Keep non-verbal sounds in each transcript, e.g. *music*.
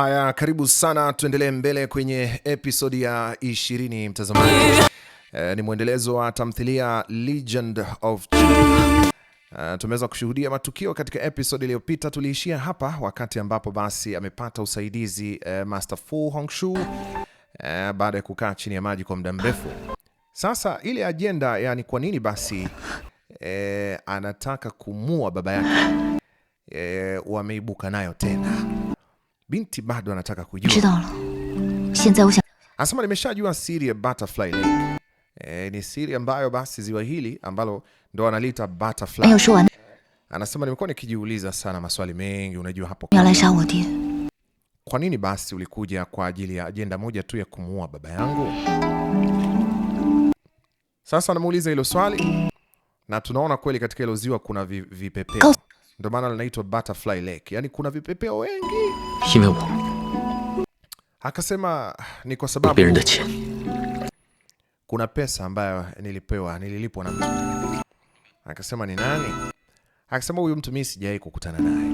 Haya, karibu sana, tuendelee mbele kwenye episodi ya 20 mtazamaji. E, ni mwendelezo wa tamthilia Legend of Chua. Uh, eh, tumeweza kushuhudia matukio katika episode iliyopita. Tuliishia hapa wakati ambapo basi amepata usaidizi uh, Master Fu Hongxue uh, baada ya kukaa chini ya maji kwa muda mrefu. Sasa ile ajenda, yani kwa nini basi uh, anataka kumua baba yake uh, wameibuka nayo tena. Binti bado anataka kujua. Anasema nimeshajua siri ya Butterfly Lake. E, ni siri ambayo basi ziwa hili ambalo ndo analiita Butterfly. Anasema nimekuwa nikijiuliza sana maswali mengi, unajua hapo. Kwa nini basi ulikuja kwa ajili ya ajenda moja tu ya kumuua baba yangu? Sasa anamuuliza hilo swali na tunaona kweli katika hilo ziwa kuna vipepeo vi ndio maana linaitwa Butterfly Lake, yani kuna vipepeo wengi. Akasema ni kwa sababu kuna pesa ambayo nilipewa, nililipwa na mtu. Akasema ni nani? Akasema huyu mtu mimi sijawahi kukutana naye.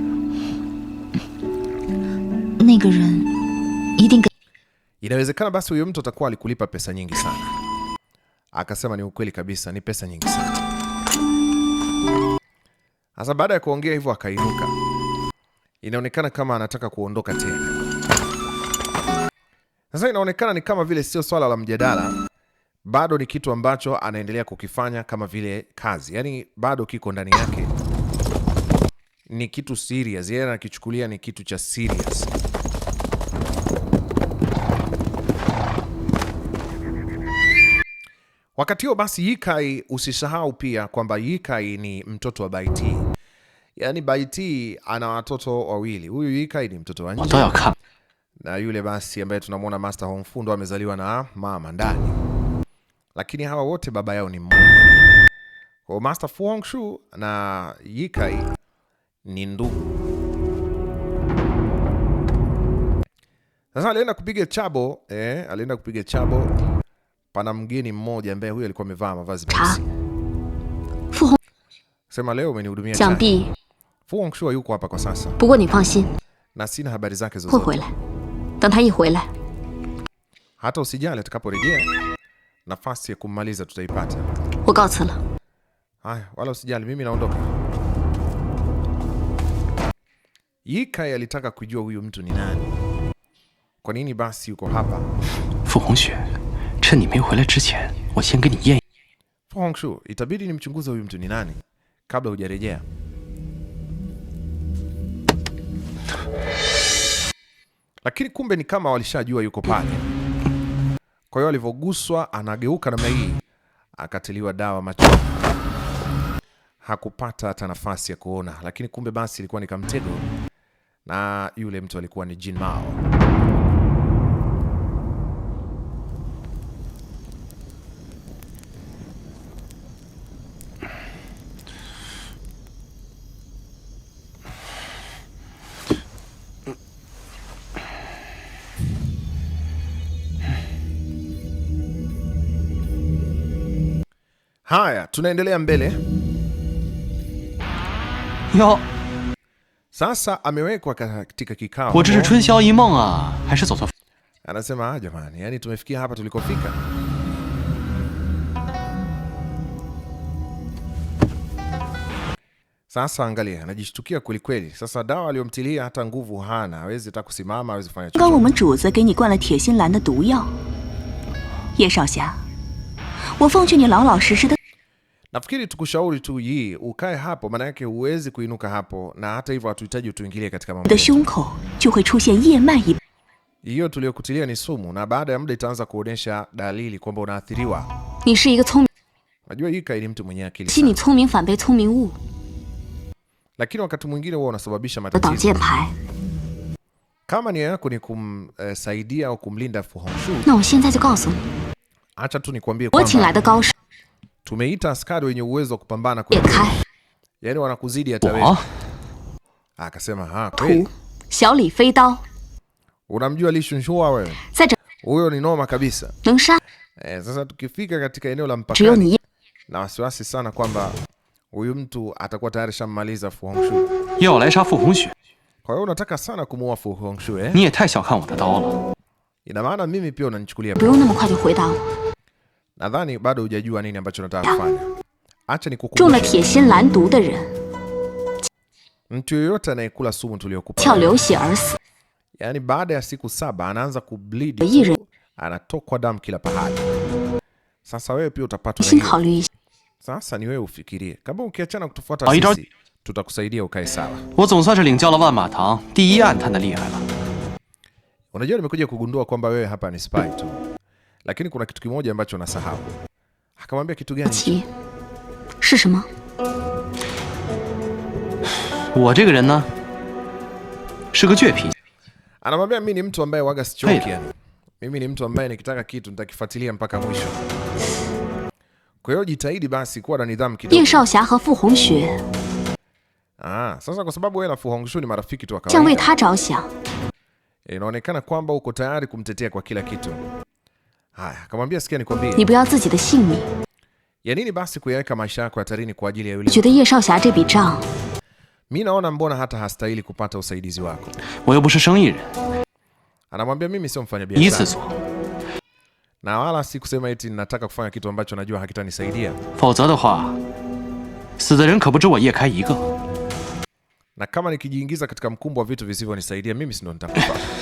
Inawezekana basi huyo mtu atakuwa alikulipa pesa nyingi sana. Akasema ni ukweli kabisa, ni pesa nyingi sana. Sasa baada ya kuongea hivyo akainuka, inaonekana kama anataka kuondoka tena. Sasa inaonekana ni kama vile sio swala la mjadala, bado ni kitu ambacho anaendelea kukifanya kama vile kazi, yaani bado kiko ndani yake, ni kitu serious, yeye anakichukulia ni kitu cha serious. Wakati huo basi, Yikai, usisahau pia kwamba Yikai ni mtoto wa Baiti, yaani Baiti ana watoto wawili. Huyu Yikai ni mtoto wa nje na yule basi ambaye tunamwona Master Hong Fu ndo amezaliwa na mama ndani, lakini hawa wote baba yao ni mmoja. Kwa Master Fu Hongxue na Yikai ni ndugu. Sasa alienda kupiga chabo eh, alienda kupiga chabo pana mgeni mmoja ambaye huyo alikuwa amevaa mavazi meusi. Sema leo umenihudumia chai. Fu Hongxue yuko hapa kwa sasa. ni Na sina habari zake zozote. Hata usijali atakaporejea nafasi ya kumaliza tutaipata. Haya, wala usijali mimi naondoka. Ye Kai alitaka kujua huyu mtu ni nani. Kwa nini basi yuko hapa? Fu Hongxue 趁你没回来之前，我先给你验。Fu Shu, itabidi ni nimchunguze huyu mtu ni nani kabla hujarejea. Lakini kumbe ni kama walishajua yuko pale, kwa hiyo alivyoguswa anageuka namna hii, akatiliwa dawa macho, hakupata hata nafasi ya kuona. Lakini kumbe basi ilikuwa ni kamtego, na yule mtu alikuwa ni Jin Mao. Haya, tunaendelea mbele Yo. Sasa amewekwa katika kikao. Anasema ah, jamani, yani tumefikia hapa tulikofika. Sasa angalia, anajishtukia kweli kweli. Sasa dawa aliyomtilia hata nguvu hana, hawezi hata kusimama, hawezi kufanya chochote. Nafikiri tukushauri tu hii, ukae hapo, maana yake huwezi kuinuka hapo, na hata hivyo hatuhitaji utuingilie katika mambo hiyo. Tuliyokutilia ni sumu, na baada ya muda itaanza kuonyesha dalili kwamba unaathiriwa. Najua Yika ni mtu mwenye akili, lakini wakati mwingine huwa unasababisha matatizo. Kama nia yako ni kumsaidia eh, au kumlinda Fu Hongxue, acha tu nikuambie kwamba Tumeita askari wenye uwezo wa kupambana kwa kwenye. Yaani wanakuzidi hata wewe. Ah, akasema ha, ah, kweli. Xiao Li Fei Dao. Unamjua Li Shunshua wewe? Huyo ni noma kabisa. Eh, sasa tukifika katika eneo la mpakani na wasiwasi sana kwamba huyu mtu atakuwa tayari shamaliza Fu Hongxue. Yao lai sha Fu Hongxue. Kwa hiyo unataka sana kumuua Fu Hongxue eh? Ni ye tai xiao kan wo de dao le. Ina maana mimi pia unanichukulia. Nadhani bado hujajua nini ambacho nataka kufanya. Acha nikukumbushe. Mtu yoyote anayekula sumu tuliyokupa. Yaani baada ya siku saba anaanza kubleed. Anatokwa damu kila pahali. Sasa wewe pia utapatwa. Sasa ni wewe ufikirie. Kama ukiachana kutufuata sisi, tutakusaidia ukae sawa. Unajua nimekuja kugundua kwamba wewe hapa ni spy tu lakini kuna kitu kimoja ambacho nasahau. Akamwambia kitu gani? *sighs* Anamwambia mimi ni mtu ambaye waga sichoki yani. Mimi ni mtu ambaye nikitaka kitu nitakifuatilia mpaka mwisho. Kwa hiyo jitahidi basi kuwa na nidhamu kidogo. Ye Shaoxia na Fu Hongxue. Ah, sasa kwa sababu wewe na Fu Hongxue ni marafiki tu wa kawaida. Inaonekana kwamba uko tayari kumtetea kwa kila kitu. Haya, akamwambia sikia, nikwambie ya nini basi kuyaweka maisha yako hatarini kwa ajili ya yule. Mi naona mbona hata hastahili kupata usaidizi wako. Anamwambia mimi sio mfanyabiashara. Na wala si kusema eti nataka kufanya kitu ambacho najua hakitanisaidia. Na kama nikijiingiza katika mkumbo wa vitu visivyonisaidia mimi si ndo nitakufa. *laughs*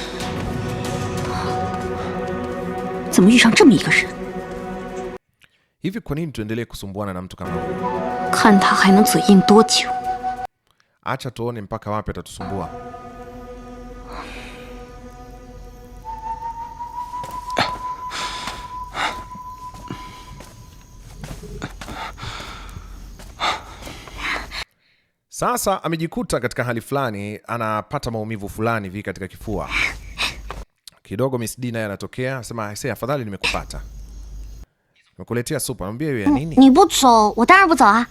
怎么遇上这么一个人？Hivi kwa nini tuendelee kusumbuana na mtu kama huyu? Kanta haina zuyin dojiu. Acha tuone mpaka wapi atatusumbua. Sasa amejikuta katika hali fulani, anapata maumivu fulani vi katika kifua kidogo Miss D naye anatokea anasema, aisee, afadhali nimekupata. Nimekuletea supu. Anambia hiyo ya mm, nini? Ni butso, watana butso ah.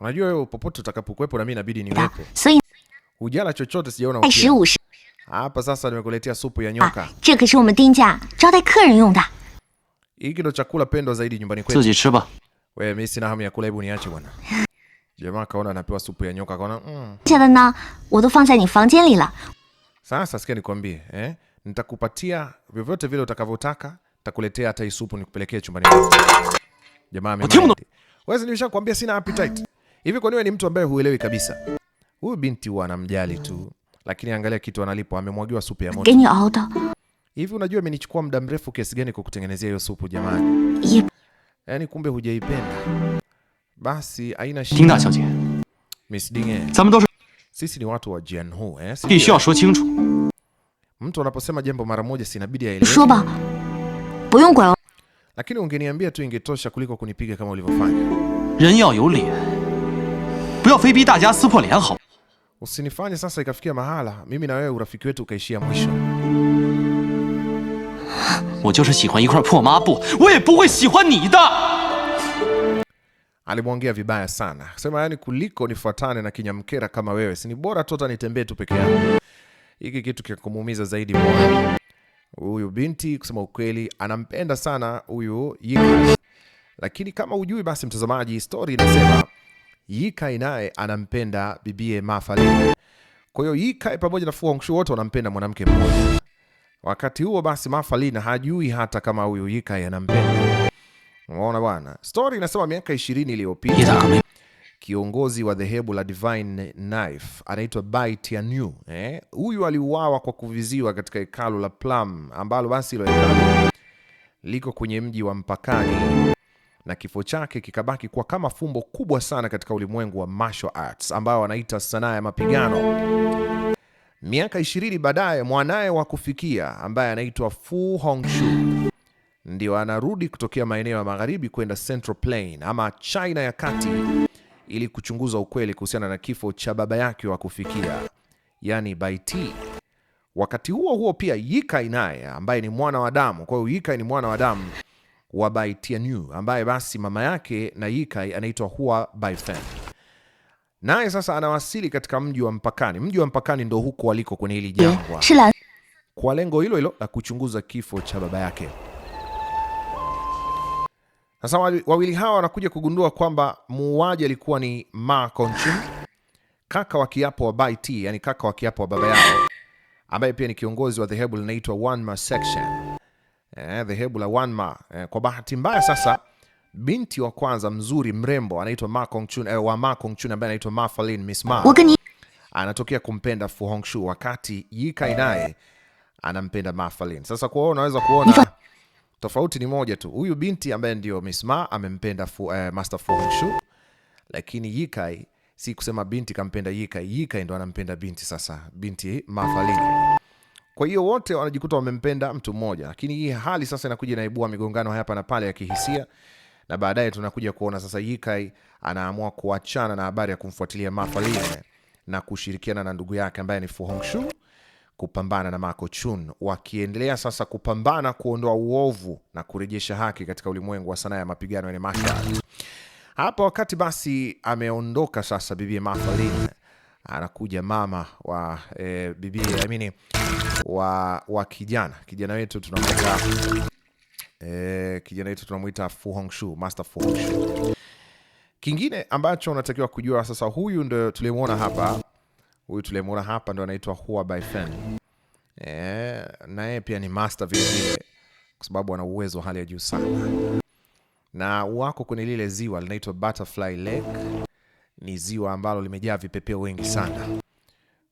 Unajua wewe popote utakapokuwepo na mimi inabidi niwepo. Hujala chochote sijaona ukila. Hapa sasa nimekuletea supu ya ah, nyoka. Hiki ndo chakula pendwa zaidi nyumbani kwetu. Wewe, mimi sina hamu ya kula, hebu niache bwana. *laughs* Jamaa kaona anapewa supu ya nyoka, kaona mm. Sasa sikia nikwambie, eh? Nitakupatia vyovyote vile utakavyotaka, takuletea hata isupu nikupelekee chumbani. Jamaa mimi. Wewe nimeshakwambia sina appetite. Hivi kwa nini ni mtu ambaye huelewi kabisa? Huyu binti huwa anamjali tu, lakini angalia kitu analipo amemwagiwa supu ya moto. Hivi unajua imenichukua muda mrefu kiasi gani kukutengenezea hiyo supu jamani? Yaani kumbe hujaipenda. Basi aina shida. Miss Dinge. Sisi ni watu wa Jianhu, eh? Mtu anaposema jambo mara moja si inabidi aeleweke. Lakini ungeniambia tu ingetosha kuliko kunipiga kama ulivyofanya. Usinifanye sasa ikafikia mahala mimi na wewe urafiki wetu ukaishia mwisho alimwongea vibaya sana, sema yani, kuliko nifuatane na kinyamkera kama wewe, si ni bora tu hata nitembee tu peke yangu. Hiki kitu kikumuumiza zaidi moyo. Huyu binti kusema ukweli anampenda sana huyu Yika, lakini kama ujui, basi mtazamaji, story inasema Yika naye anampenda bibie Mafali. Kwa hiyo Yika pamoja na Fu Hongxue wote wanampenda mwanamke mmoja. Wakati huo basi Mafalina hajui hata kama huyu Yika anampenda Unaona bwana, stori inasema miaka ishirini iliyopita kiongozi wa dhehebu la Divine Knife anaitwa Bai Tianyu eh, huyu aliuawa kwa kuviziwa katika hekalu la Plum ambalo basi hilo hekalu liko kwenye mji wa mpakani, na kifo chake kikabaki kuwa kama fumbo kubwa sana katika ulimwengu wa martial arts ambao wanaita sanaa ya mapigano. Miaka ishirini baadaye mwanaye wa kufikia ambaye anaitwa Fu Hongxue ndio anarudi kutokea maeneo ya magharibi kwenda Central Plain ama China ya kati ili kuchunguza ukweli kuhusiana na kifo cha baba yake wa kufikia, yani Bai Tianyu. Wakati huo huo pia Ye Kai naye ambaye ni mwana wa damu, kwa hiyo Ye Kai ni mwana wa damu wa Bai Tianyu ambaye basi mama yake na Ye Kai anaitwa Hua Baifeng. Naye sasa anawasili katika mji wa mpakani. Mji wa mpakani ndo huko waliko kwenye hili jangwa, kwa lengo hilo hilo la kuchunguza kifo cha baba yake. Sasa wawili hawa wanakuja kugundua kwamba muuaji alikuwa ni Ma Kongqun, kaka wa kiapo wa Bai yani kaka wa kiapo wa baba yao, ambaye pia ni kiongozi wa dhehebu linaloitwa Wanma Section, eh, dhehebu la Wanma. Eh, kwa bahati mbaya sasa binti wa kwanza mzuri mrembo anaitwa Ma Kongqun, eh, wa Ma Kongqun ambaye anaitwa Ma Fangling, Miss Ma anatokea kumpenda Fu Hongxue, wakati Ye Kai naye anampenda Ma Fangling. Sasa kwa hiyo unaweza kuona Tofauti ni moja tu, huyu binti ambaye ndio Miss Ma amempenda fu, uh, Master Fu Hongxue, lakini Ye Kai si kusema binti kampenda Ye Kai, Ye Kai ndo anampenda binti sasa, binti Ma Fangling. Kwa hiyo wote wanajikuta wamempenda mtu mmoja, lakini hii hali sasa inakuja inaibua migongano hapa na pale ya kihisia, na baadaye tunakuja kuona sasa Ye Kai anaamua kuachana na habari ya kumfuatilia Ma Fangling na kushirikiana na ndugu yake ambaye ni Fu Hongxue kupambana na Ma Chun, wakiendelea sasa kupambana kuondoa uovu na kurejesha haki katika ulimwengu wa sanaa ya mapigano yenye mashal. Hapa wakati basi ameondoka sasa bibi Ma Fangling, anakuja mama wa e, bibi I mean wa, wa kijana kijana wetu tunamwita e, kijana wetu tunamwita Fu Hongxue, Master Fu Hongxue. Kingine ambacho unatakiwa kujua sasa, huyu ndio tulimuona hapa Huyu tulemura hapa ndo anaitwa Hua Baifeng. Eh, na yeye pia ni master vile vile kwa sababu ana uwezo wa hali ya juu sana. Na wako kwenye lile ziwa linaitwa Butterfly Lake. Ni ziwa ambalo limejaa vipepeo wengi sana.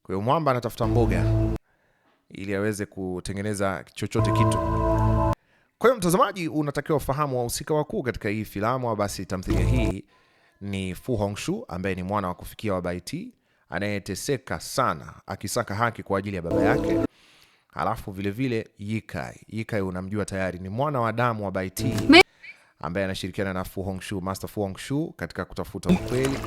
Kwa hiyo mwamba anatafuta mboga ili aweze kutengeneza chochote kitu. Kwa hiyo mtazamaji, unatakiwa ufahamu wahusika wakuu katika hii filamu au basi tamthilia hii ni Fu Hongxue ambaye ni mwana wa kufikia wa Bai Tianyu anayeteseka sana akisaka haki kwa ajili ya baba yake. Alafu vilevile Yikai. Yikai unamjua tayari, ni mwana wa damu wa Baiti ambaye anashirikiana na Fu Hongxue, Master Fu Hongxue katika kutafuta ukweli,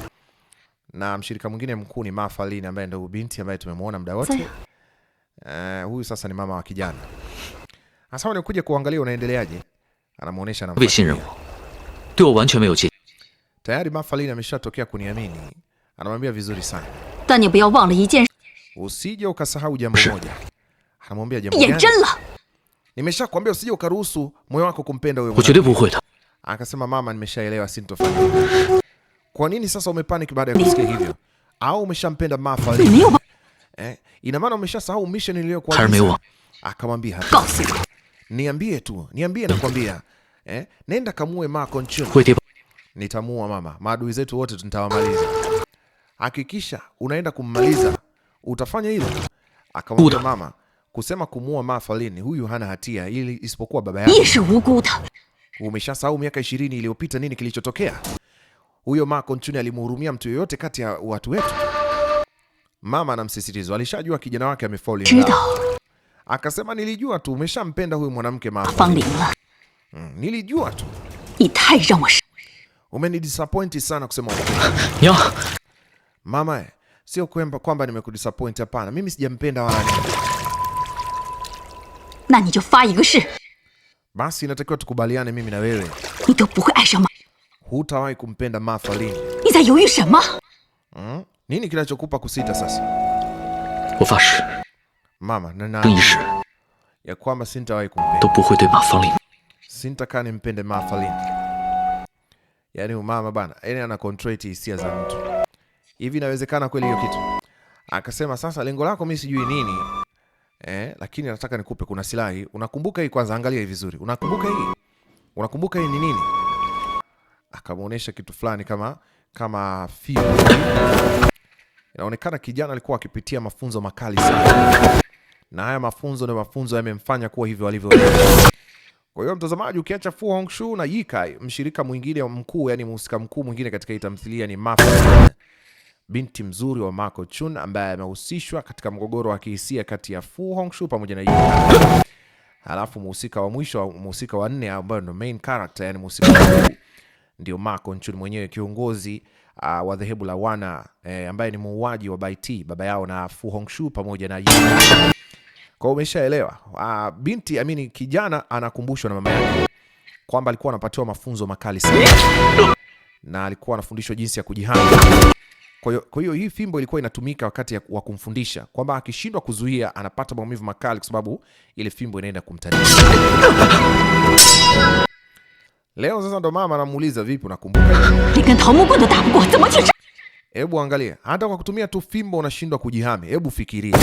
na mshirika mwingine mkuu ni Ma Fangling ambaye ndio binti ambaye tumemwona muda wote. Uh, huyu sasa ni mama wa kijana. Sasa unakuja kuangalia unaendeleaje, anamuonesha na tayari Ma Fangling ameshatokea kuniamini, anamwambia vizuri sana Usije ukasahau jambo moja. Anamwambia jambo gani? Nimeshakwambia usije ukaruhusu moyo wako kumpenda huyo mwanamke. Akasema mama, nimeshaelewa sintofanya. Kwa nini sasa umepanic baada ya kusikia hivyo? Au umeshampenda Mafa? Eh, ina maana umeshasahau mission iliyokuwa. Akamwambia Niambie tu, niambie nakwambia. Eh, nenda kamue Nitamua mama. Maadui zetu wote tutawamaliza hakikisha unaenda kummaliza. Utafanya hilo? Akamwambia mama, kusema kumuua Ma Fangling, huyu hana hatia ili isipokuwa baba yake. Umeshasahau miaka 20 iliyopita nini kilichotokea? Huyo Ma Kongqun alimhurumia mtu yoyote kati ya watu wetu. Mama anamsisitiza, alishajua kijana wake amefauli. Akasema nilijua tu umeshampenda huyu mwanamke Ma Fangling. Mm, nilijua tu. disappoint sana kusema. Mama, sio kwamba kwamba nimekudisappoint. Hapana, mimi sijampenda wani. na ni wala nani. Basi inatakiwa tukubaliane mimi na wewe, hutawahi kumpenda Ma Fangling. Hmm? Nini kinachokupa kusita sasa? Mama, nana ya kwamba sintawahi kumpenda, sintaka nimpende Ma Fangling. Yani umama bana, yani ana control hisia za mtu hivi inawezekana kweli hiyo kitu? Akasema sasa, lengo lako mimi sijui nini eh, lakini nataka nikupe, kuna silahi. Unakumbuka hii? Kwanza angalia hii vizuri, unakumbuka hii? Unakumbuka hii ni nini? Akamuonesha kitu fulani kama kama fio. Inaonekana kijana alikuwa akipitia mafunzo makali sana, na haya mafunzo ndio mafunzo yamemfanya kuwa hivyo alivyo. Kwa hiyo mtazamaji, ukiacha Fu Hongxue na Ye Kai, mshirika mwingine mkuu, yani mhusika mkuu mwingine katika hii tamthilia ni Mafia binti mzuri wa Marco Chun ambaye amehusishwa katika mgogoro wa kihisia kati ya Fu Hongxue pamoja na Yuna. Halafu mhusika wa mwisho, mhusika wa nne ambaye ndio main character, yani mhusika ndio Marco Chun mwenyewe, kiongozi uh, wa dhehebu la Wana eh, ambaye ni muuaji wa Bai Tianyu baba yao na Fu Hongxue pamoja na Yuna. Kwa umeshaelewa, uh, binti I mean kijana anakumbushwa na mama yake kwamba alikuwa anapatiwa mafunzo makali sana na alikuwa anafundishwa jinsi ya kujihami kwa hiyo hii fimbo ilikuwa inatumika wakati wa kumfundisha kwamba akishindwa kuzuia anapata maumivu makali, kwa sababu ile fimbo inaenda kumtania. Leo sasa ndo mama anamuuliza vipi, unakumbuka? Hebu angalia, hata kwa kutumia tu fimbo unashindwa kujihami. Hebu fikiria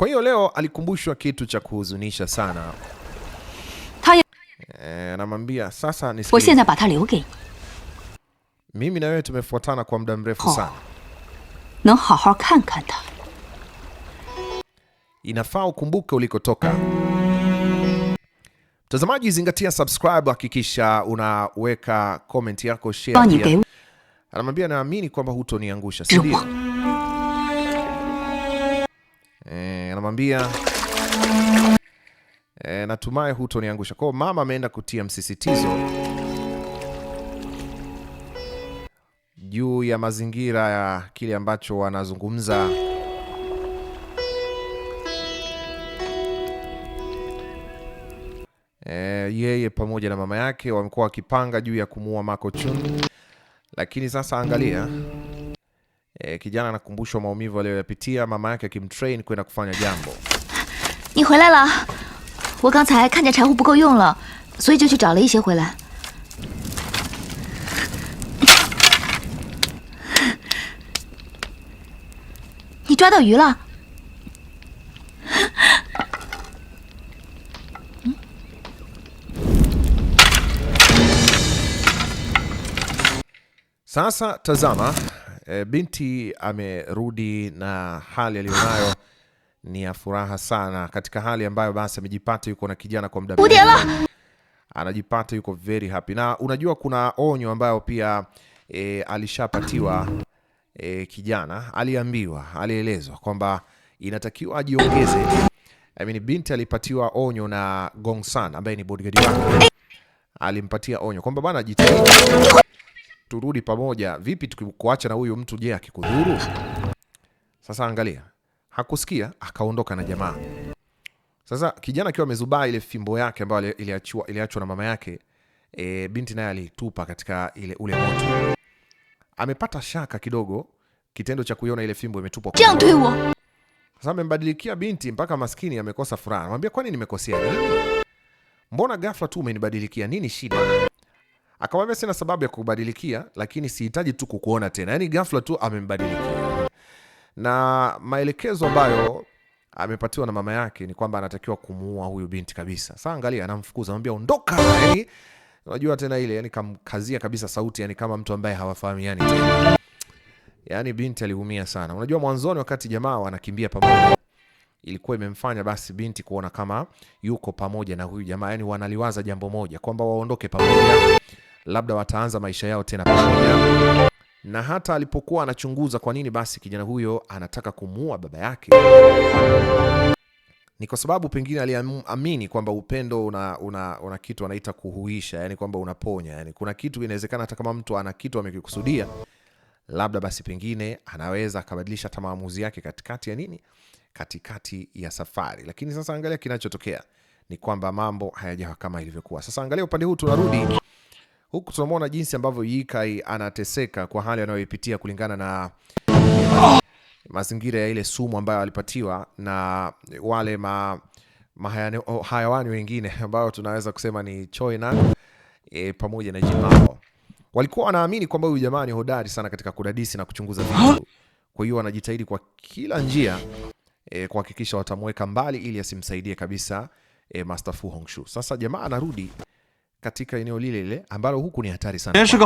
Kwa hiyo leo alikumbushwa kitu cha kuhuzunisha sana. Eh, anamwambia e, sasa nisikilize. Mimi na wewe tumefuatana kwa muda mrefu sana. Inafaa ukumbuke ulikotoka. Mtazamaji, zingatia subscribe, hakikisha unaweka comment yako, share. Anamwambia naamini kwamba hutoniangusha, si ndio? Eh, anamwambia eh, natumai hutoniangusha. Kwao mama ameenda kutia msisitizo juu ya mazingira ya kile ambacho wanazungumza eh, yeye pamoja na mama yake wamekuwa wakipanga juu ya kumuua Ma Kongqun, lakini sasa angalia E, kijana anakumbushwa maumivu aliyoyapitia mama yake akimtrain kwenda kufanya jambo. ni huelai la wo gangcai kan jian chaihu bugou yong la sui jiu qu zhao le yi xie huilai ni zhua dao yu la Sasa tazama e, binti amerudi na hali aliyonayo ni ya furaha sana, katika hali ambayo basi amejipata yuko na kijana kwa muda mrefu, anajipata yuko very happy. Na unajua kuna onyo ambayo pia e, alishapatiwa e, kijana aliambiwa, alielezwa kwamba inatakiwa ajiongeze. I mean, binti alipatiwa onyo na Gongsan ambaye ni bodyguard wake, alimpatia onyo kwamba bwana, jitahidi turudi pamoja, vipi tukikuacha na huyu mtu, je, akikudhuru? Sasa angalia, hakusikia akaondoka na jamaa. Sasa kijana akiwa amezubaa ile fimbo yake ambayo iliachwa iliachwa na mama yake, e, binti naye alitupa katika ile ule moto. Amepata shaka kidogo kitendo cha kuiona ile fimbo imetupwa. Sasa amembadilikia binti mpaka maskini amekosa furaha. Anamwambia, kwani nimekosea nini? Mbona ghafla tu umenibadilikia? Nini shida? Akamwambia sina sababu ya kukubadilikia, lakini sihitaji tu kukuona tena. Yani ghafla tu amembadilikia, na maelekezo ambayo amepatiwa na mama yake ni kwamba anatakiwa kumuua huyu binti kabisa. Sasa angalia, anamfukuza anamwambia ondoka, yani unajua tena ile, yani kamkazia kabisa sauti, yani kama mtu ambaye hawafahamiani tena. Yani binti aliumia sana. Unajua mwanzoni, wakati jamaa wanakimbia pamoja, ilikuwa imemfanya basi binti kuona kama yuko pamoja na huyu jamaa, yani wanaliwaza jambo moja kwamba waondoke pamoja labda wataanza maisha yao tena pamoja. Na hata alipokuwa anachunguza kwa nini basi kijana huyo anataka kumuua baba yake, ni kwa sababu pengine aliamini kwamba upendo una, una, una kitu anaita kuhuisha, yani kwamba unaponya, yani kuna kitu inawezekana hata kama mtu ana kitu amekikusudia labda basi pengine anaweza akabadilisha hata maamuzi yake katikati ya nini, katikati ya safari. Lakini sasa angalia kinachotokea ni kwamba mambo hayajawa kama ilivyokuwa. Sasa angalia upande huu tunarudi Huku tunamwona jinsi ambavyo Yikai anateseka kwa hali anayoipitia kulingana na mazingira ya ile sumu ambayo alipatiwa na wale ma, mahayawani wengine *laughs* ambao tunaweza kusema ni na e, pamoja na Jimao. Walikuwa wanaamini kwamba huyu jamaa ni hodari sana katika kudadisi na kuchunguza vitu. Kwa hiyo wanajitahidi kwa kila njia e, kuhakikisha watamweka mbali ili asimsaidie kabisa e, Master Fu Hongxue. Sasa jamaa anarudi katika eneo lile lile ambalo huku ni hatari sana.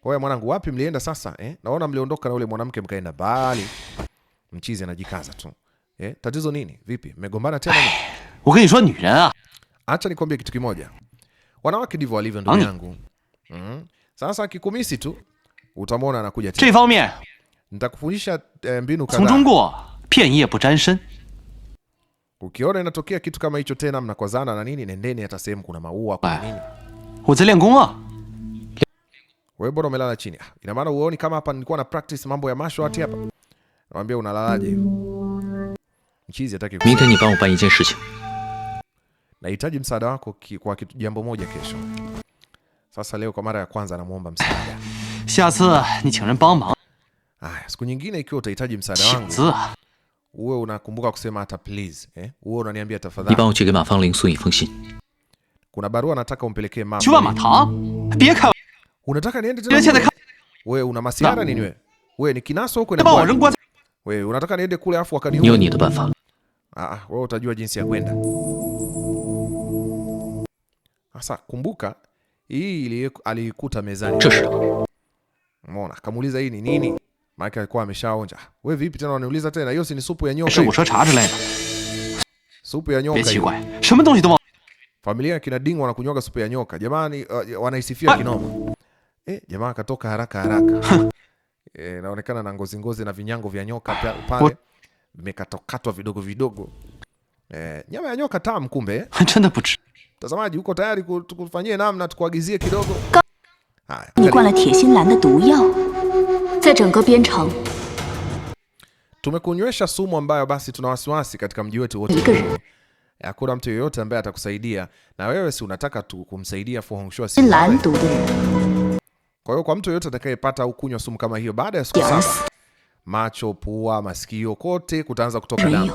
Kwa hiyo mwanangu, wapi mlienda sasa eh? Naona mliondoka na ule mwanamke mkaenda bali. Mchizi anajikaza tu. Eh, tatizo nini? Vipi? Mmegombana tena? nini? Ukinishwa ni Acha nikwambie kitu kimoja. Wanawake ndivyo walivyo ndugu yangu. Mm. Sasa akikumisi tu utamwona anakuja tena. Nitakufundisha eh, mbinu kadhaa. Ukiona inatokea kitu kama hicho tena, mnakwazana na nini, nendeni hata sehemu kuna maua, Kwa nini. Wewe bora umelala chini. Ah, ina maana uoni kama hapa nilikuwa na practice mambo ya martial arts hapa? Naambia unalalaje hivi? Mchizi hataki. Nahitaji msaada wako ki, kwa kitu jambo moja kesho. Sasa leo kwa mara ya kwanza namuomba msaada. Siku nyingine ikiwa utahitaji msaada wangu uwe unakumbuka kusema hata please, eh? Uwe unaniambia tafadhali. Kuna barua nataka umpelekee mama. Unataka niende tena? Wewe una masiara nini wewe? Wewe ni kinaso huko na wewe unataka niende kule afu wakaniua. Ah, ah, wewe utajua jinsi ya kwenda. Sasa kumbuka hii alikuta mezani. Umeona? Kamuuliza hii ni nini? Mike alikuwa ameshaonja. Wewe vipi tena unaniuliza tena? Hiyo si ni supu ya nyoka. Supu ya nyoka. Familia ya kina Ding wanakunywaga supu ya nyoka. Jamani uh, wanaisifia ah! kinoma. Eh, jamaa katoka haraka haraka. *laughs* Eh, inaonekana na ngozi ngozi na vinyango vya nyoka pale. Vimekatokatwa vidogo vidogo. Eh, nyama ya nyoka tamu kumbe. Eh. *laughs* Tazamaji, uko tayari kutufanyie namna tukuagizie kidogo? Haya. 在整个边城。Tumekunywesha sumu ambayo basi tuna wasiwasi katika mji wetu wote. Hakuna mtu yeyote ambaye atakusaidia na wewe si unataka tu kumsaidia Fu Hongxue. Kwa hiyo kwa mtu yeyote atakayepata au kunywa sumu kama hiyo baada ya siku saba Macho, pua, masikio kote kutaanza kutoka damu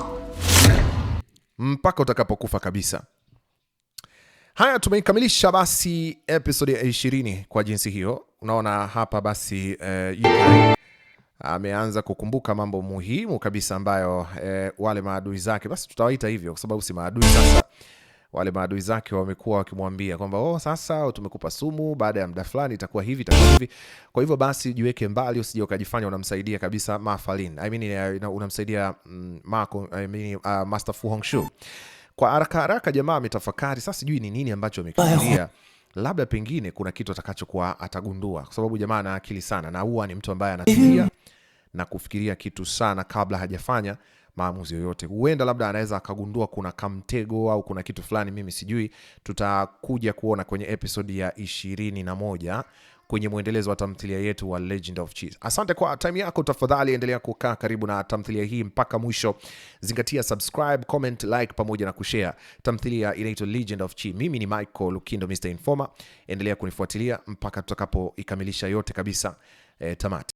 mpaka utakapokufa kabisa. Haya, tumeikamilisha basi episode ya 20 kwa jinsi hiyo. Unaona hapa basi eh, Ukraine ameanza kukumbuka mambo muhimu kabisa ambayo eh, wale maadui zake, basi tutawaita hivyo kwa sababu si maadui sasa wale maadui zake wamekuwa wakimwambia kwamba oh, sasa tumekupa sumu, baada ya muda fulani itakuwa hivi, itakuwa hivi. Kwa hivyo basi jiweke mbali, usije ukajifanya unamsaidia kabisa Ma Fangling, I mean eh, unamsaidia mm, Ma, I mean, uh, Master Fu Hongxue. Kwa haraka haraka jamaa ametafakari sasa, sijui ni nini ambacho amekifikiria labda pengine kuna kitu atakachokuwa atagundua, kwa sababu jamaa ana akili sana, na huwa ni mtu ambaye mhm. anatulia na kufikiria kitu sana kabla hajafanya maamuzi yoyote. Huenda labda anaweza akagundua kuna kamtego au kuna kitu fulani, mimi sijui. Tutakuja kuona kwenye episodi ya ishirini na moja kwenye mwendelezo wa tamthilia yetu wa Legend of Cheese. Asante kwa time yako, tafadhali endelea kukaa karibu na tamthilia hii mpaka mwisho. Zingatia subscribe, comment, like pamoja na kushare. Tamthilia inaitwa Legend of Cheese. Mimi ni Michael Lukindo, Mr Informer. Endelea kunifuatilia mpaka tutakapoikamilisha yote kabisa, E, tamati.